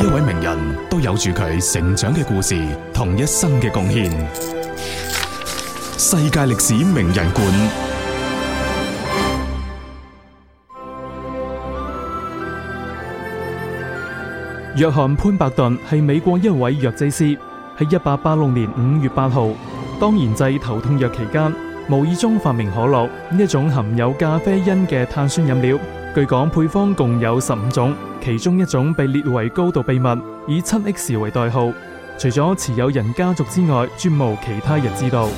一位名人都有住佢成長嘅故事同一生嘅貢獻。世界歷史名人館。約翰潘伯頓係美國一位藥劑師，喺一八八六年五月八號，當研製頭痛藥期間，無意中發明可樂呢一種含有咖啡因嘅碳酸飲料。據講配方共有十五種，其中一種被列為高度秘密，以七 X 為代號，除咗持有人家族之外，絕無其他人知道。